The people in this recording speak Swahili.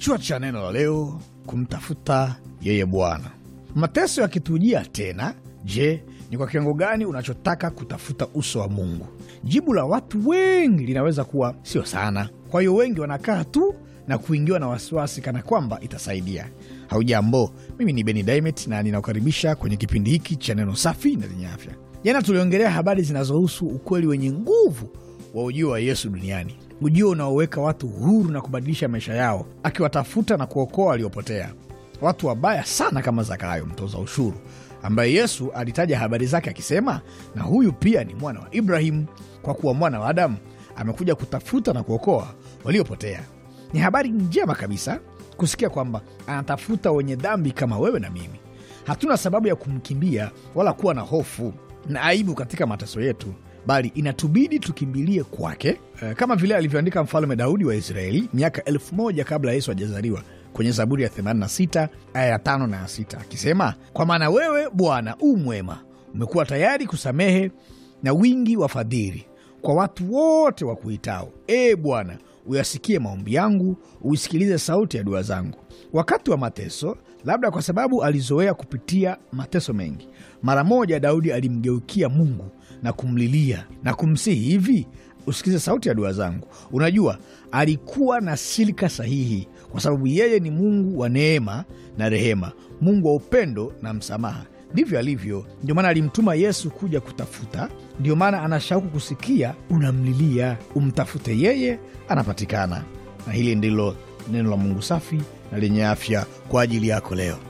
Kichwa cha neno la leo: kumtafuta yeye Bwana. Mateso yakitujia tena, je, ni kwa kiwango gani unachotaka kutafuta uso wa Mungu? Jibu la watu wengi linaweza kuwa sio sana. Kwa hiyo wengi wanakaa tu na kuingiwa na wasiwasi kana kwamba itasaidia. Haujambo, mimi ni Beni Daimet na ninakukaribisha kwenye kipindi hiki cha neno safi na lenye afya. Jana tuliongelea habari zinazohusu ukweli wenye nguvu wa ujio wa Yesu duniani ujio unaoweka watu huru na kubadilisha maisha yao, akiwatafuta na kuokoa waliopotea, watu wabaya sana kama Zakayo mtoza ushuru, ambaye Yesu alitaja habari zake akisema, na huyu pia ni mwana wa Ibrahimu, kwa kuwa mwana wa Adamu amekuja kutafuta na kuokoa waliopotea. Ni habari njema kabisa kusikia kwamba anatafuta wenye dhambi kama wewe na mimi. Hatuna sababu ya kumkimbia wala kuwa na hofu na aibu katika mateso yetu bali inatubidi tukimbilie kwake, eh, kama vile alivyoandika Mfalme Daudi wa Israeli miaka elfu moja kabla Yesu ajazaliwa kwenye Zaburi ya 86 aya ya 5 na 6, akisema kwa maana wewe Bwana u mwema, umekuwa tayari kusamehe na wingi wa fadhili kwa watu wote wa kuitao. E Bwana, uyasikie maombi yangu, uisikilize sauti ya dua zangu wakati wa mateso. Labda kwa sababu alizoea kupitia mateso mengi, mara moja Daudi alimgeukia Mungu na kumlilia na kumsihi hivi usikilize sauti ya dua zangu. Unajua, alikuwa na silika sahihi, kwa sababu yeye ni Mungu wa neema na rehema, Mungu wa upendo na msamaha ndivyo alivyo. Ndio maana alimtuma Yesu kuja kutafuta, ndio maana anashauku kusikia, unamlilia, umtafute yeye, anapatikana. Na hili ndilo neno la Mungu safi na lenye afya kwa ajili yako leo.